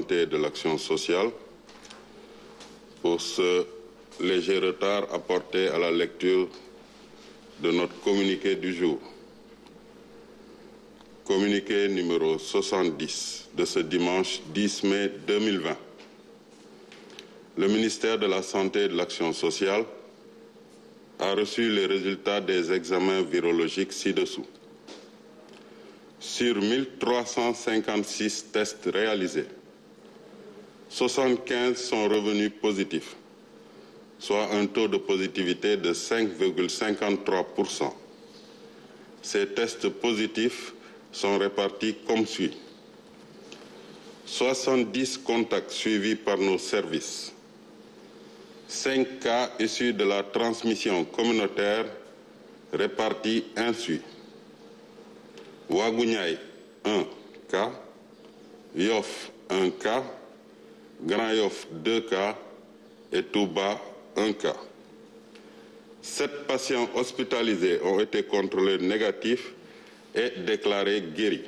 santé et de l'action sociale pour ce léger retard à la lecture de notre communiqué du jour. Communiqué numéro 70 de ce dimanche 10 mai 2020. Le ministère de la Santé l'Action sociale a les résultats des examens virologiques ci-dessous. Sur 1356 tests réalisés, 75 sont revenus positifs, soit un taux de positivité de 5,53%. Ces tests positifs sont répartis comme suit. 70 contacts suivis par nos services. 5 cas issus de la transmission communautaire répartis ainsi. Wagunyai, 1 Grand Yoff 2 cas et Touba 1 cas. Sept patients hospitalisés ont été contrôlés négatifs et déclarés guéris.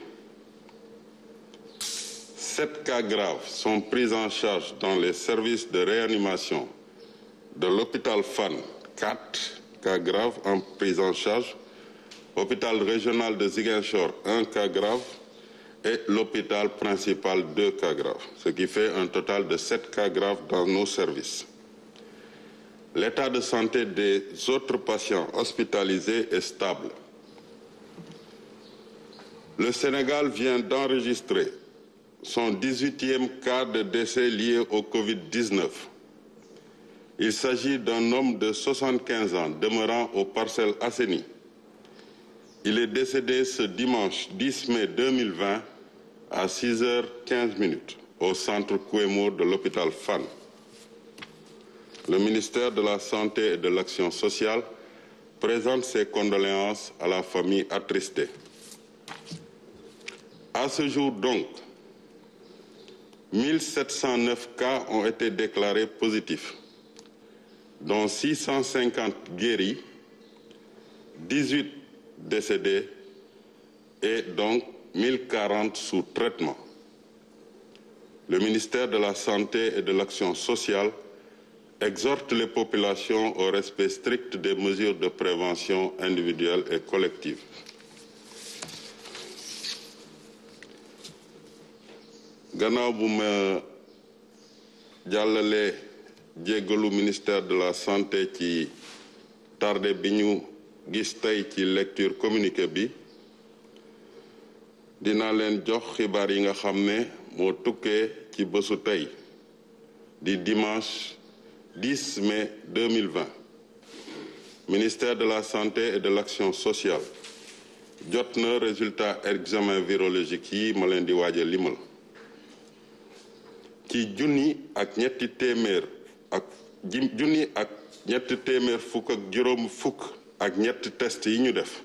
Sept cas graves sont pris en charge dans les services de réanimation de l'hôpital Fann, 4 cas graves en prise en charge, hôpital régional de Ziguinchor, un cas grave. et l'hôpital principal deux cas graves, ce qui de sept cas graves dans nos services. L'état de santé des autres patients hospitalisés est stable. Le Sénégal vient d'enregistrer son 18e cas de décès lié au Covid-19. Il s'agit d'un homme de 75 ans demeurant aux parcelles Assainies. Il est décédé ce dimanche 10 mai 2020 à 6h15 au centre Couemo de l'hôpital Fan. Le ministère de la Santé et de l'Action sociale présente ses condoléances à la famille attristée. À ce jour donc, 1709 cas ont été déclarés positifs, dont 650 guéris, 18 décédés et donc 1040 sous traitement. Le ministère de la Santé et de l'Action sociale exhorte les populations au respect strict des mesures de prévention individuelle et collective. gannaaw bu ma jàllalee jéggalu ministère de la santé ci tardé bi ñu gis tey ci lecture communiqué bi dina leen jox xibaar yi nga xam ne moo tukkee ci bësu tey di dimanche 10 mai 2020 ministère de la santé et de l'action sociale jot na résultat examen virologique yi ma leen di waaja limal ci junni ak ñetti téeméer ak junni téeméer ak juróom fukk ak ñetti test yi ñu def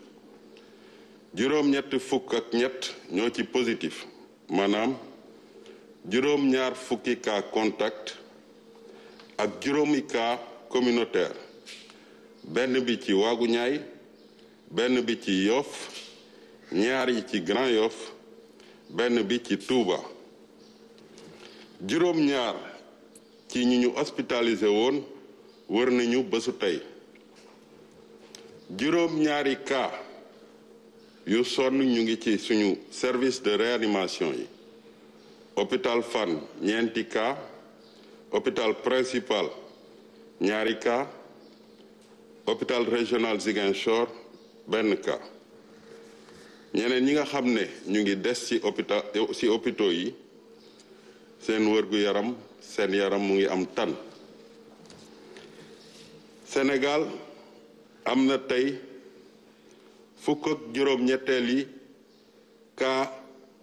juróom-ñett fukk ak ñett ñoo ci positif maanaam juróom-ñaar fukki cas contact ak juróomi cas communautaire benn bi ci waagu ñaay benn bi ci Yoff ñaar yi ci Grand Yoff benn bi ci Touba juróom-ñaar ci ñi ñu hospitalisé woon wër nañu bésu tey juróom-ñaari cas yu sonn ñu ngi ci suñu service de réanimation yi hôpital Fann ñeenti cas hôpital principal ñaari cas hôpital régional Ziguinchor benn cas ñeneen ñi nga xam ne ñu ngi des ci hôpital ci hôpitaux yi seen wërgu yaram seen yaram mu ngi am tan Sénégal am na tey fukk ak juróom-ñetteel yi cas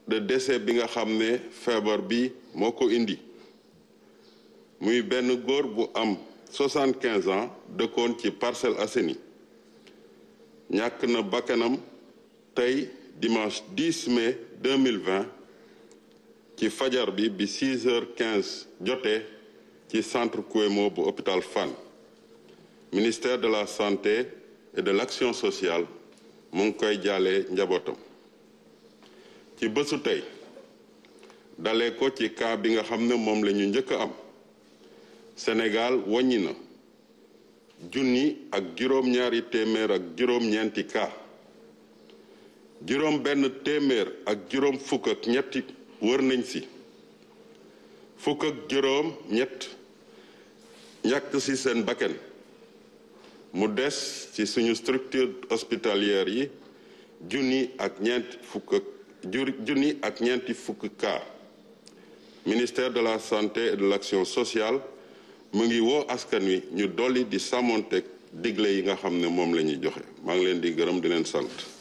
de décès bi nga xam ne feebar bi moo ko indi muy benn góor bu am soixante-quinze ans dëkkoon ci parcelle Assainies ñàkk na bakkanam tey dimanche 10 mai 2020 ci fajar bi bi 6 heures 15 ci centre Kouemo bu hôpital Fann ministère de la santé et de l'action sociale mu ngi koy jàllee njabootam ci bésu tey dale ko ci kaa bi nga xam ne moom lañu njëkk am Sénégal waññi na junni ak juróom-ñaari téeméer ak juróom-ñeenti cas juróom benn téeméer ak juróom fukk ak ñetti wër si fukk ak juróom ñett ñàkk si seen bakken mu des ci suñu structure hospitalière yi junni ak ñeenti fukk junni ak ñeenti fukk cas ministère de la santé et de l'action sociale mu ngi woo askan wi ñu dolli di sàmmonteeg digle yi nga xam ne moom la ñuy joxe maa ngi leen di gërëm di leen sant